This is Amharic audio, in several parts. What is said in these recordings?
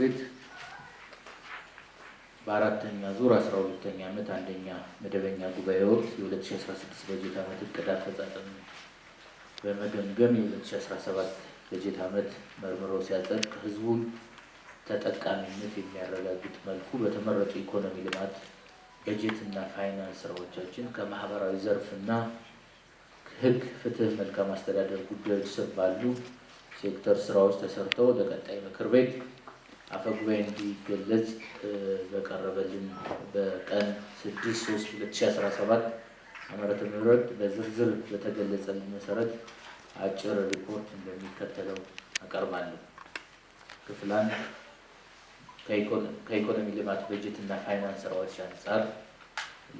ቤት በአራተኛ ዙር አስራ ሁለተኛ ዓመት አንደኛ መደበኛ ጉባኤ ወቅት የ2016 በጀት ዓመት እቅድ አፈጻጸም በመገምገም የ2017 በጀት ዓመት መርምሮ ሲያጸድቅ ህዝቡን ተጠቃሚነት የሚያረጋግጥ መልኩ በተመረጡ ኢኮኖሚ ልማት በጀትና ፋይናንስ ስራዎቻችን ከማህበራዊ ዘርፍና ህግ ፍትህ፣ መልካም አስተዳደር ጉዳዮች ስር ባሉ ሴክተር ስራዎች ተሰርተው ለቀጣይ ምክር ቤት አፈጉባኤ እንዲገለጽ በቀረበልን በቀን 6/3/2017 ዓመተ ምህረት በዝርዝር በተገለጸልን መሰረት አጭር ሪፖርት እንደሚከተለው አቀርባለሁ። ክፍል አንድ ከኢኮኖሚ ልማት በጀት እና ፋይናንስ ስራዎች አንጻር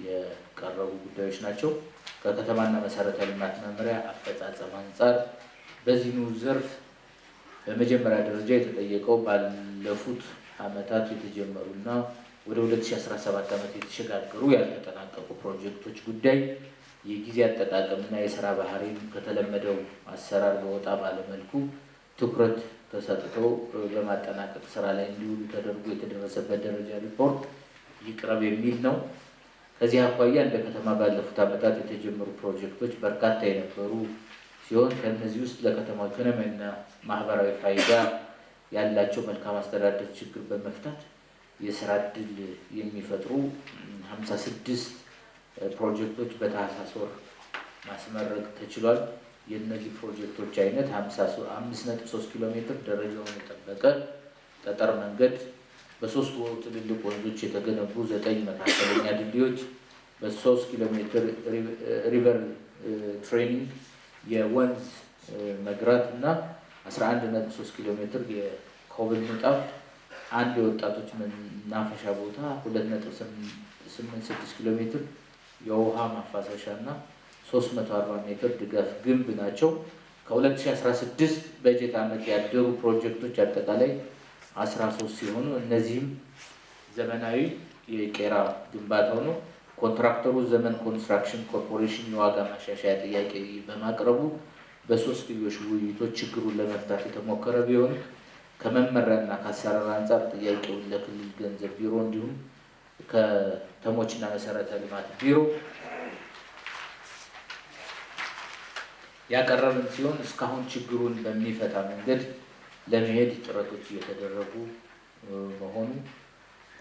የቀረቡ ጉዳዮች ናቸው። ከከተማና መሰረተ ልማት መምሪያ አፈጻጸም አንጻር በዚህኑ ዘርፍ በመጀመሪያ ደረጃ የተጠየቀው ባለፉት ዓመታት የተጀመሩና ወደ 2017 ዓመት የተሸጋገሩ ያልተጠናቀቁ ፕሮጀክቶች ጉዳይ የጊዜ አጠቃቀምና የስራ ባህሪን ከተለመደው አሰራር በወጣ ባለመልኩ ትኩረት ተሰጥቶ በማጠናቀቅ ስራ ላይ እንዲውሉ ተደርጎ የተደረሰበት ደረጃ ሪፖርት ይቅረብ የሚል ነው። ከዚህ አኳያ እንደ ከተማ ባለፉት ዓመታት የተጀመሩ ፕሮጀክቶች በርካታ የነበሩ ሲሆን ከእነዚህ ውስጥ ለከተማ ኢኮኖሚና ማህበራዊ ፋይዳ ያላቸው መልካም አስተዳደር ችግር በመፍታት የስራ እድል የሚፈጥሩ ሀምሳ ስድስት ፕሮጀክቶች በታህሳስ ወር ማስመረቅ ተችሏል። የእነዚህ ፕሮጀክቶች አይነት አምስት ነጥብ ሶስት ኪሎ ሜትር ደረጃውን የጠበቀ ጠጠር መንገድ፣ በሶስት ትልልቅ ወንዞች የተገነቡ ዘጠኝ መካከለኛ ድልድዮች፣ በሶስት ኪሎ ሜትር ሪቨር ትሬኒንግ የወንዝ መግራት እና 11.3 ኪሎ ሜትር የኮብል ንጣፍ አንድ የወጣቶች መናፈሻ ቦታ 2.86 ኪሎ ሜትር የውሃ ማፋሰሻ እና 340 ሜትር ድጋፍ ግንብ ናቸው። ከ2016 በጀት ዓመት ያደሩ ፕሮጀክቶች አጠቃላይ 13 ሲሆኑ እነዚህም ዘመናዊ የቄራ ግንባታ ነው። ኮንትራክተሩ ዘመን ኮንስትራክሽን ኮርፖሬሽን የዋጋ ማሻሻያ ጥያቄ በማቅረቡ በሶስትዮሽ ውይይቶች ችግሩን ለመፍታት የተሞከረ ቢሆንም ከመመሪያና ከአሰራር አንጻር ጥያቄውን ለክልል ገንዘብ ቢሮ እንዲሁም ከተሞችና መሰረተ ልማት ቢሮ ያቀረብን ሲሆን እስካሁን ችግሩን በሚፈታ መንገድ ለመሄድ ጥረቶች እየተደረጉ መሆኑ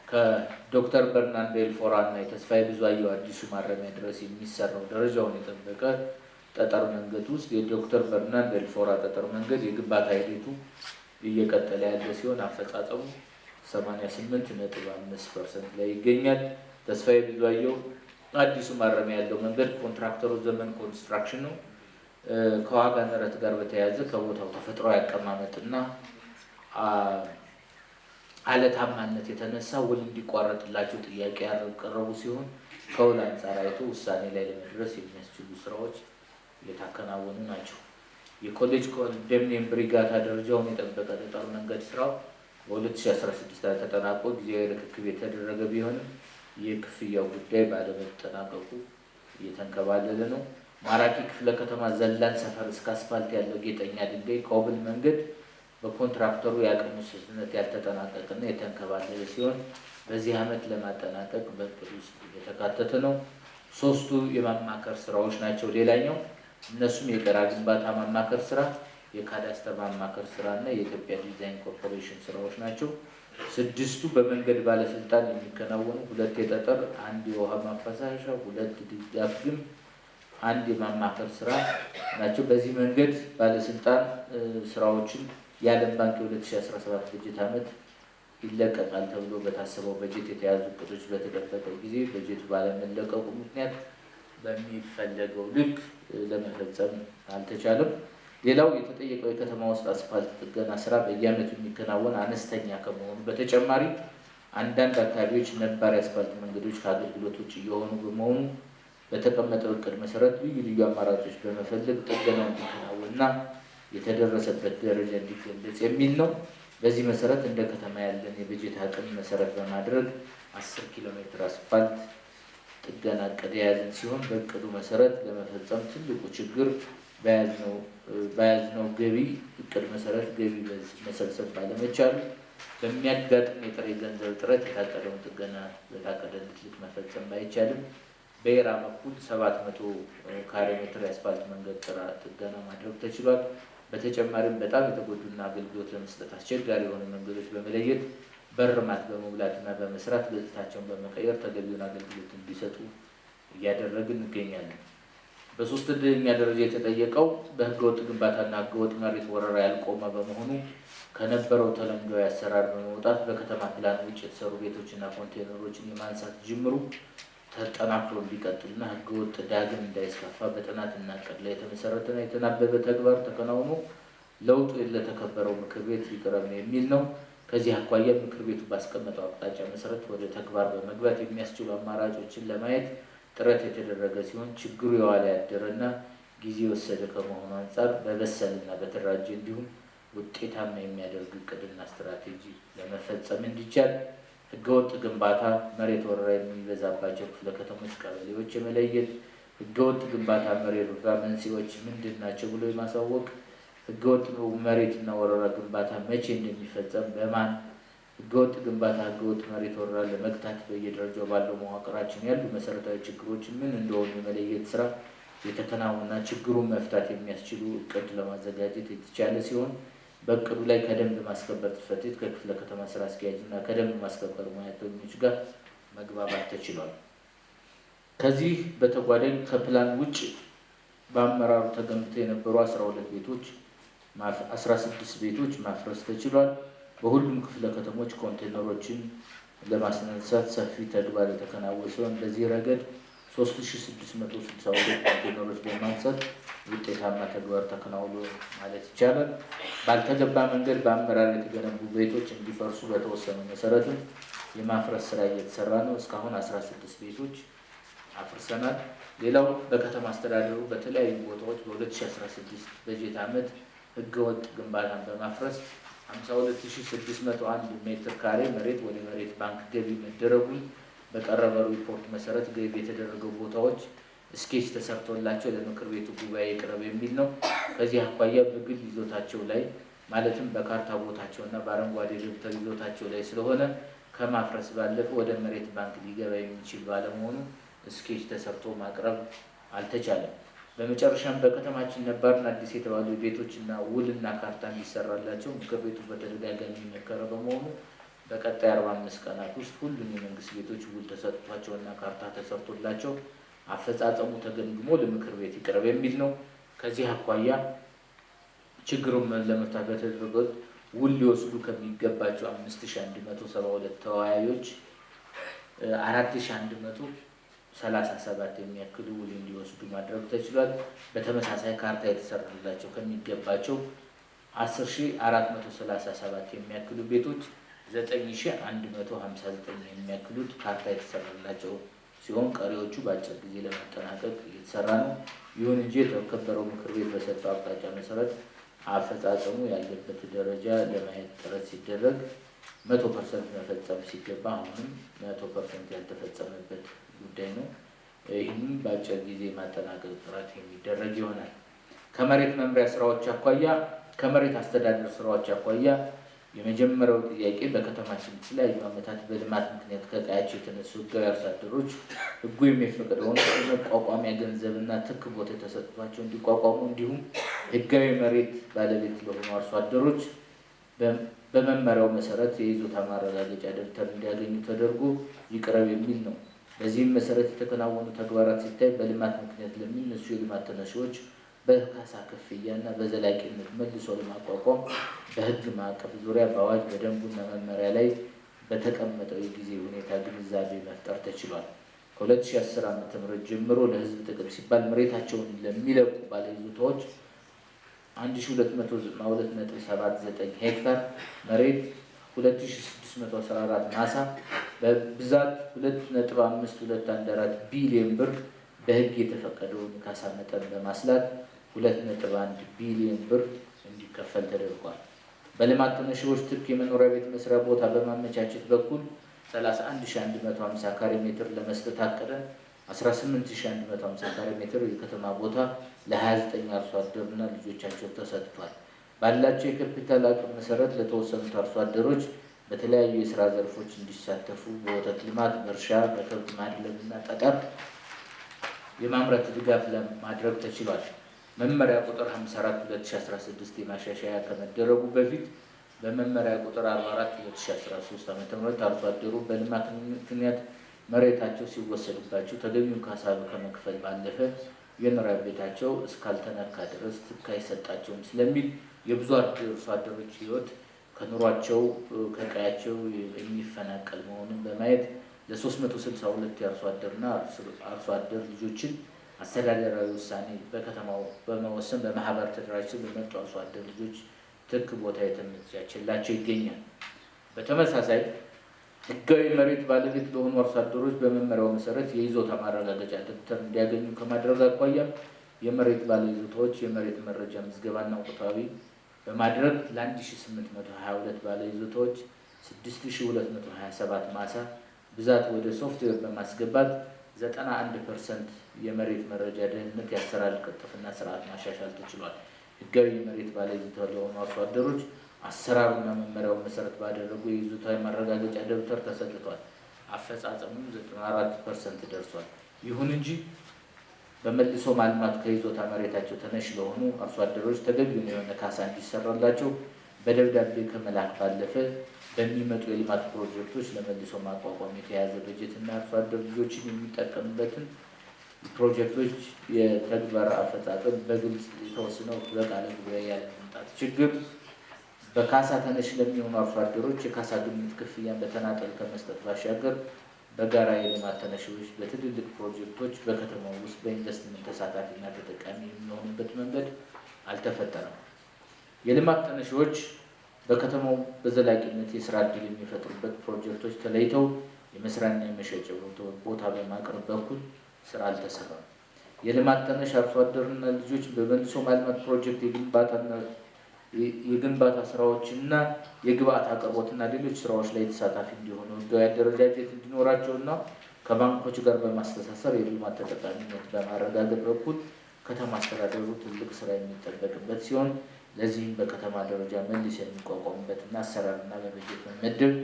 ከዶክተር በርናንዴል ኤልፎራ ና የተስፋዬ ብዙአየሁ አዲሱ ማረሚያ ድረስ የሚሰራው ደረጃውን የጠበቀ ጠጠር መንገድ ውስጥ የዶክተር በርናንዴል ፎራ ጠጠር መንገድ የግንባታ ሂደቱ እየቀጠለ ያለ ሲሆን አፈጻጸሙ 88.5 ፐርሰንት ላይ ይገኛል። ተስፋዬ ብዙአየሁ አዲሱ ማረሚያ ያለው መንገድ ኮንትራክተሩ ዘመን ኮንስትራክሽን ነው። ከዋጋ ንረት ጋር በተያያዘ ከቦታው ተፈጥሯዊ አቀማመጥና። አለታማነት የተነሳ ውል እንዲቋረጥላቸው ጥያቄ ያቀረቡ ሲሆን ከውል አንጻር አይቶ ውሳኔ ላይ ለመድረስ የሚያስችሉ ስራዎች እየታከናወኑ ናቸው። የኮሌጅ ኮንዶሚኒየም ብሪጋታ ደረጃውን የጠበቀ ጠጠር መንገድ ስራው በ2016 ተጠናቆ ጊዜያዊ ርክክብ የተደረገ ቢሆንም የክፍያው ጉዳይ ባለመጠናቀቁ እየተንከባለለ ነው። ማራኪ ክፍለ ከተማ ዘላን ሰፈር እስከ አስፋልት ያለው ጌጠኛ ድንጋይ ከውብል መንገድ በኮንትራክተሩ የአቅም ውስንነት ያልተጠናቀቅና የተንከባለለ ሲሆን በዚህ ዓመት ለማጠናቀቅ በእቅድ ውስጥ የተካተተ ነው። ሶስቱ የማማከር ስራዎች ናቸው። ሌላኛው እነሱም የቀራ ግንባታ ማማከር ስራ፣ የካዳስተር ማማከር ስራ እና የኢትዮጵያ ዲዛይን ኮርፖሬሽን ስራዎች ናቸው። ስድስቱ በመንገድ ባለስልጣን የሚከናወኑ ሁለት የጠጠር፣ አንድ የውሃ ማፈሳሻ፣ ሁለት ድጋፍ ግንብ፣ አንድ የማማከር ስራ ናቸው። በዚህ መንገድ ባለስልጣን ስራዎችን የዓለም ባንክ የ2017 በጀት ዓመት ይለቀቃል ተብሎ በታሰበው በጀት የተያዙ እቅዶች በተጠበቀ ጊዜ በጀት ባለመለቀቁ ምክንያት በሚፈለገው ልክ ለመፈጸም አልተቻለም። ሌላው የተጠየቀው የከተማ ውስጥ አስፋልት ጥገና ስራ በየዓመቱ የሚከናወን አነስተኛ ከመሆኑ በተጨማሪ አንዳንድ አካባቢዎች ነባር የአስፋልት መንገዶች ከአገልግሎት ውጭ እየሆኑ በመሆኑ በተቀመጠው እቅድ መሰረት ልዩ ልዩ አማራጮች በመፈለግ ጥገናው እንዲከናወንና የተደረሰበት ደረጃ እንዲገለጽ የሚል ነው። በዚህ መሰረት እንደ ከተማ ያለን የበጀት አቅም መሰረት በማድረግ አስር ኪሎ ሜትር አስፋልት ጥገና እቅድ የያዝን ሲሆን በእቅዱ መሰረት ለመፈጸም ትልቁ ችግር በያዝነው ገቢ እቅድ መሰረት ገቢ መሰብሰብ ባለመቻሉ በሚያጋጥም የጥሬ ገንዘብ እጥረት የታቀደውን ጥገና በታቀደ ልክ መፈጸም ባይቻልም በራ በኩል ሰባት መቶ ካሬ ሜትር የአስፋልት መንገድ ጥገና ማድረግ ተችሏል። በተጨማሪም በጣም የተጎዱና አገልግሎት ለመስጠት አስቸጋሪ የሆኑ መንገዶች በመለየት በርማት በመሙላትና በመስራት ገጽታቸውን በመቀየር ተገቢውን አገልግሎት እንዲሰጡ እያደረግን እንገኛለን። በሶስተኛ ደረጃ የተጠየቀው በህገወጥ ግንባታና ህገወጥ መሬት ወረራ ያልቆመ በመሆኑ ከነበረው ተለምዶ አሰራር በመውጣት በከተማ ፕላን ውጭ የተሰሩ ቤቶችና ኮንቴይነሮችን የማንሳት ጅምሩ ተጠናክሮ እንዲቀጥልና ህገወጥ ዳግም እንዳይስፋፋ በጥናትና ዕቅድ ላይ የተመሰረተና የተናበበ ተግባር ተከናውኖ ለውጡ ለተከበረው ምክር ቤት ይቅረብ ነው የሚል ነው። ከዚህ አኳያ ምክር ቤቱ ባስቀመጠው አቅጣጫ መሰረት ወደ ተግባር በመግባት የሚያስችሉ አማራጮችን ለማየት ጥረት የተደረገ ሲሆን ችግሩ የዋለ ያደረና ጊዜ የወሰደ ከመሆኑ አንጻር በበሰልና በተደራጀ እንዲሁም ውጤታማ የሚያደርግ እቅድና ስትራቴጂ ለመፈጸም እንዲቻል ህገወጥ ግንባታ መሬት ወረራ የሚበዛባቸው ክፍለ ከተሞች፣ ቀበሌዎች የመለየት ህገወጥ ግንባታ መሬት ወረራ መንስኤዎች ምንድን ናቸው ብሎ የማሳወቅ ህገወጥ መሬትና ወረራ ግንባታ መቼ እንደሚፈጸም በማን ህገወጥ ግንባታ ህገወጥ መሬት ወረራ ለመግታት በየደረጃው ባለው መዋቅራችን ያሉ መሰረታዊ ችግሮች ምን እንደሆኑ የመለየት ስራ የተከናወና ችግሩን መፍታት የሚያስችሉ እቅድ ለማዘጋጀት የተቻለ ሲሆን በእቅዱ ላይ ከደንብ ማስከበር ጽሕፈት ቤት ከክፍለ ከተማ ስራ አስኪያጅ እና ከደንብ ማስከበር ሙያተኞች ጋር መግባባት ተችሏል። ከዚህ በተጓዳኝ ከፕላን ውጭ በአመራሩ ተገንብተው የነበሩ አስራ ሁለት ቤቶች አስራ ስድስት ቤቶች ማፍረስ ተችሏል። በሁሉም ክፍለ ከተሞች ኮንቴነሮችን ለማስነሳት ሰፊ ተግባር የተከናወነ ሲሆን በዚህ ረገድ 3662 ኮንቴነሮች በማንሳት ውጤታማ ተግባር ተከናውሎ ማለት ይቻላል። ባልተገባ መንገድ በአመራር የተገነቡ ቤቶች እንዲፈርሱ በተወሰኑ መሰረትም የማፍረስ ስራ እየተሰራ ነው። እስካሁን 16 ቤቶች አፍርሰናል። ሌላው በከተማ አስተዳደሩ በተለያዩ ቦታዎች በ2016 በጀት ዓመት ህገወጥ ግንባታን በማፍረስ 52601 ሜትር ካሬ መሬት ወደ መሬት ባንክ ገቢ መደረጉን በቀረበ ሪፖርት መሰረት ገቢ የተደረገው ቦታዎች ስኬች ተሰርቶላቸው ለምክር ቤቱ ጉባኤ ይቅረብ የሚል ነው። ከዚህ አኳያ በግል ይዞታቸው ላይ ማለትም በካርታ ቦታቸው እና በአረንጓዴ ደብተር ይዞታቸው ላይ ስለሆነ ከማፍረስ ባለፈ ወደ መሬት ባንክ ሊገባ የሚችል ባለመሆኑ ስኬች ተሰርቶ ማቅረብ አልተቻለም። በመጨረሻም በከተማችን ነባርን አዲስ የተባሉ ቤቶችና ውልና ካርታ እንዲሰራላቸው ምክር ቤቱ በተደጋጋሚ የመከረ በመሆኑ በቀጣይ 45 ቀናት ውስጥ ሁሉም የመንግስት ቤቶች ውል ተሰጥቷቸውና ካርታ ተሰርቶላቸው አፈጻጸሙ ተገምግሞ ለምክር ቤት ይቅረብ የሚል ነው። ከዚህ አኳያ ችግሩን ለመፍታት በተደረገው ውል ሊወስዱ ከሚገባቸው 5172 ተወያዮች 4137 የሚያክሉ ውል እንዲወስዱ ማድረግ ተችሏል። በተመሳሳይ ካርታ የተሰራላቸው ከሚገባቸው 10437 የሚያክሉ ቤቶች 9159 የሚያክሉት ካርታ የተሰራላቸው ሲሆን ቀሪዎቹ በአጭር ጊዜ ለማጠናቀቅ እየተሰራ ነው። ይሁን እንጂ የተከበረው ምክር ቤት በሰጠው አቅጣጫ መሰረት አፈጻጸሙ ያለበት ደረጃ ለማየት ጥረት ሲደረግ መቶ ፐርሰንት መፈጸም ሲገባ አሁንም መቶ ፐርሰንት ያልተፈጸመበት ጉዳይ ነው። ይህም በአጭር ጊዜ ማጠናቀቅ ጥረት የሚደረግ ይሆናል። ከመሬት መምሪያ ስራዎች አኳያ ከመሬት አስተዳደር ስራዎች አኳያ የመጀመሪያው ጥያቄ በከተማችን የተለያዩ ዓመታት በልማት ምክንያት ከቀያቸው የተነሱ ህጋዊ አርሶ አደሮች ሕጉ የሚፈቅደውን መቋቋሚያ ገንዘብና ትክ ቦታ የተሰጥቷቸው እንዲቋቋሙ እንዲሁም ህጋዊ መሬት ባለቤት ለሆኑ አርሶ አደሮች በመመሪያው መሰረት የይዞታ ማረጋገጫ ደብተር እንዲያገኙ ተደርጎ ይቅረብ የሚል ነው። በዚህም መሰረት የተከናወኑ ተግባራት ሲታይ በልማት ምክንያት ለሚነሱ የልማት ተነሺዎች በካሳ ክፍያና በዘላቂነት መልሶ ለማቋቋም በህግ ማዕቀፍ ዙሪያ በአዋጅ በደንቡና መመሪያ ላይ በተቀመጠው የጊዜ ሁኔታ ግንዛቤ መፍጠር ተችሏል። ከ2010 ዓ ም ጀምሮ ለህዝብ ጥቅም ሲባል መሬታቸውን ለሚለቁ ባለይዞታዎች 1279 ሄክታር መሬት 2614 ማሳ በብዛት 2.524 ቢሊዮን ብር በህግ የተፈቀደውን ካሳ መጠን በማስላት 21 ቢሊዮን ብር እንዲከፈል ተደርጓል። በልማት ተነሺዎች ትርክ የመኖሪያ ቤት መስሪያ ቦታ በማመቻቸት በኩል 31150 ካሬ ሜትር ለመስጠት አቅደ 18150 ካሬ ሜትር የከተማ ቦታ ለ29 አርሶ አደርና ልጆቻቸው ተሰጥቷል። ባላቸው የካፒታል አቅም መሰረት ለተወሰኑት አርሶ አደሮች በተለያዩ የስራ ዘርፎች እንዲሳተፉ በወተት ልማት፣ በእርሻ፣ በከብት ማድለብና ጠጠር የማምረት ድጋፍ ለማድረግ ተችሏል። መመሪያ ቁጥር 54 2016 የማሻሻያ ከመደረጉ በፊት በመመሪያ ቁጥር 44 2013 ዓ ም አርሶ አደሩ በልማት ምክንያት መሬታቸው ሲወሰድባቸው ተገቢውን ካሳ ከመክፈል ባለፈ የመኖሪያ ቤታቸው እስካልተነካ ድረስ ትካ አይሰጣቸውም ስለሚል የብዙ አርሶ አደሮች ህይወት ከኑሯቸው ከቀያቸው የሚፈናቀል መሆኑን በማየት ለ362 የአርሶ አደርና አርሶ አደር ልጆችን አስተዳደራዊ ውሳኔ በከተማው በመወሰን በማህበር ተደራጅ ለመጡ አርሶ አደር ልጆች ትክ ቦታ የተመቻችላቸው ይገኛል። በተመሳሳይ ህጋዊ መሬት ባለቤት በሆኑ አርሶ አደሮች በመመሪያው መሰረት የይዞታ ማረጋገጫ ደብተር እንዲያገኙ ከማድረግ አኳያ የመሬት ይዞታዎች የመሬት መረጃ ምዝገባና ቁታዊ በማድረግ ለ1822 ይዞታዎች 6227 ማሳ ብዛት ወደ ሶፍትዌር በማስገባት ዘጠና አንድ ፐርሰንት የመሬት መረጃ ደህንነት የአሰራር ቅልጥፍና ስርዓት ማሻሻል ተችሏል። ህጋዊ የመሬት ባለይዞታ ለሆኑ አርሶ አደሮች አሰራሩና መመሪያውን መሰረት ባደረጉ የይዞታዊ ማረጋገጫ ደብተር ተሰጥቷል። አፈጻጸሙም ዘጠና አራት ፐርሰንት ደርሷል። ይሁን እንጂ በመልሶ ማልማት ከይዞታ መሬታቸው ተነሽ ለሆኑ አርሶ አደሮች ተገቢውን የሆነ ካሳ እንዲሰራላቸው በደብዳቤ ከመላክ ባለፈ በሚመጡ የልማት ፕሮጀክቶች ለመልሶ ማቋቋም የተያዘ በጀት እና አርሶ አደር ልጆችን የሚጠቀምበትን ፕሮጀክቶች የተግባር አፈጻጸም በግልጽ የተወስነው በቃለ ጉባኤ ያለ መምጣት ችግር በካሳ ተነሽ ለሚሆኑ አርሶ አደሮች የካሳ ግምት ክፍያን በተናጠል ከመስጠት ባሻገር በጋራ የልማት ተነሺዎች በትልልቅ ፕሮጀክቶች በከተማው ውስጥ በኢንቨስትመንት ተሳታፊና ተጠቃሚ የሚሆኑበት መንገድ አልተፈጠረም። የልማት ተነሺዎች በከተማው በዘላቂነት የስራ እድል የሚፈጥሩበት ፕሮጀክቶች ተለይተው የመስሪያና የመሸጫ ቦታ በማቅረብ በኩል ስራ አልተሰራም። የልማት ተነሽ አርሶ አደርና ልጆች በመልሶ ማልማት ፕሮጀክት የግንባታ ስራዎችና የግብአት አቅርቦትና ሌሎች ስራዎች ላይ ተሳታፊ እንዲሆኑ ህጋዊ አደረጃጀት እንዲኖራቸውና ከባንኮች ጋር በማስተሳሰብ የልማት ተጠቃሚነት በማረጋገጥ በኩል ከተማ አስተዳደሩ ትልቅ ስራ የሚጠበቅበት ሲሆን ለዚህም በከተማ ደረጃ መልስ የሚቋቋምበትና አሰራርና በበጀት መመደብ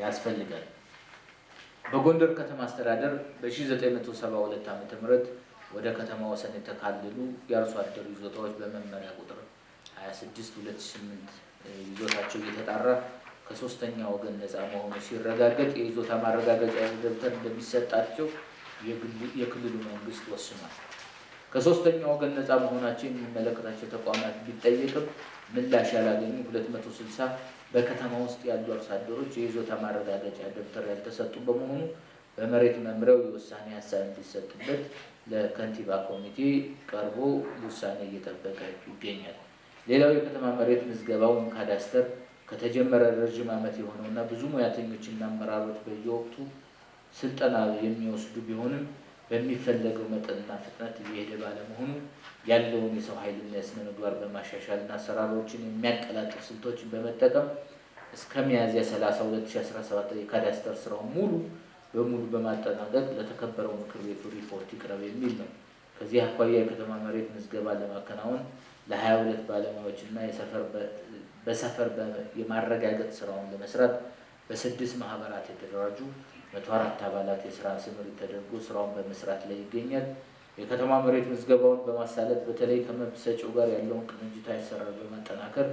ያስፈልጋል። በጎንደር ከተማ አስተዳደር በ1972 ዓ ም ወደ ከተማ ወሰን የተካለሉ የአርሶ አደሩ ይዞታዎች በመመሪያ ቁጥር 26/2008 ይዞታቸው እየተጣራ ከሶስተኛ ወገን ነፃ መሆኑ ሲረጋገጥ የይዞታ ማረጋገጫ ደብተር እንደሚሰጣቸው የክልሉ መንግስት ወስኗል። ከሶስተኛ ወገን ነፃ መሆናቸው የሚመለከታቸው ተቋማት ቢጠየቅም ምላሽ ያላገኙ 260 በከተማ ውስጥ ያሉ አርሶ አደሮች የይዞታ ማረጋገጫ ደብተር ያልተሰጡ በመሆኑ በመሬት መምሪያው የውሳኔ ሀሳብ እንዲሰጥበት ለከንቲባ ኮሚቴ ቀርቦ ውሳኔ እየጠበቀ ይገኛል። ሌላው የከተማ መሬት ምዝገባውን ካዳስተር ከተጀመረ ረዥም ዓመት የሆነውና ብዙ ሙያተኞችና አመራሮች በየወቅቱ ስልጠና የሚወስዱ ቢሆንም በሚፈለገው መጠንና ፍጥነት እየሄደ ባለመሆኑ ያለውን የሰው ኃይልና የስነ ምግባር በማሻሻልና አሰራሮችን የሚያቀላጥፍ ስልቶችን በመጠቀም እስከ ሚያዝያ 30 2017 የካዳስተር ስራውን ሙሉ በሙሉ በማጠናቀቅ ለተከበረው ምክር ቤቱ ሪፖርት ይቅረብ የሚል ነው። ከዚህ አኳያ የከተማ መሬት ምዝገባ ለማከናወን ለ22 ባለሙያዎችና በሰፈር የማረጋገጥ ስራውን ለመስራት በስድስት ማህበራት የተደራጁ መቶ አራት አባላት የስራ ስምሪት ተደርጎ ስራውን በመስራት ላይ ይገኛል። የከተማ መሬት ምዝገባውን በማሳለጥ በተለይ ከመብሰጭው ጋር ያለውን ቅንጅታዊ አሰራር በማጠናከር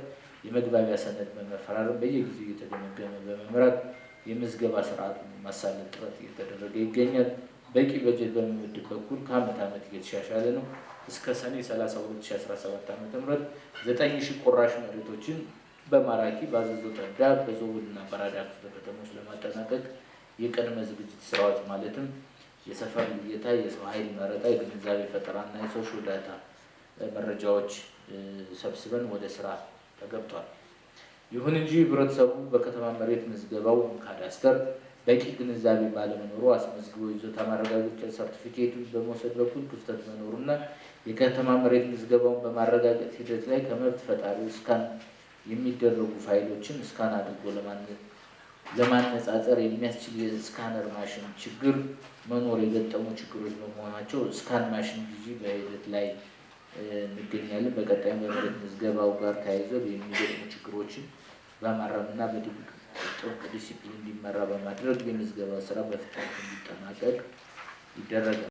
የመግባቢያ ሰነድ በመፈራረም በየጊዜው እየተገመገመ በመምራት የምዝገባ ስርዓት ማሳለጥ ጥረት እየተደረገ ይገኛል። በቂ በጀት በመመደብ በኩል ከአመት ዓመት እየተሻሻለ ነው። እስከ ሰኔ 30 2017 ዓ ም ዘጠኝ ሺህ ቆራሽ መሬቶችን በማራኪ በአዘዞ ጠዳ በዞብልና በራዳክስ በከተሞች ለማጠናቀቅ የቅድመ ዝግጅት ስራዎች ማለትም የሰፈር ልየታ፣ የሰው ኃይል መረጣ፣ የግንዛቤ ፈጠራና የሶሾ ዳታ መረጃዎች ሰብስበን ወደ ስራ ተገብቷል። ይሁን እንጂ ህብረተሰቡ በከተማ መሬት ምዝገባው ካዳስተር በቂ ግንዛቤ ባለመኖሩ አስመዝግቦ ይዞታ ማረጋገጫ ሰርቲፊኬቱ በመውሰድ በኩል ክፍተት መኖሩና የከተማ መሬት ምዝገባውን በማረጋገጥ ሂደት ላይ ከመብት ፈጣሪ እስካን የሚደረጉ ፋይሎችን እስካን አድርጎ ለማነጻጸር የሚያስችል የስካነር ማሽን ችግር መኖር የገጠሙ ችግሮች በመሆናቸው ስካን ማሽን ጊዜ በሂደት ላይ እንገኛለን። በቀጣይም በመሬት ምዝገባው ጋር ተያይዘው የሚገጥሙ ችግሮችን በማረምና በድብቅ ጥብቅ ዲሲፕሊን እንዲመራ በማድረግ የምዝገባ ስራ በፍጥነት እንዲጠናቀቅ ይደረጋል።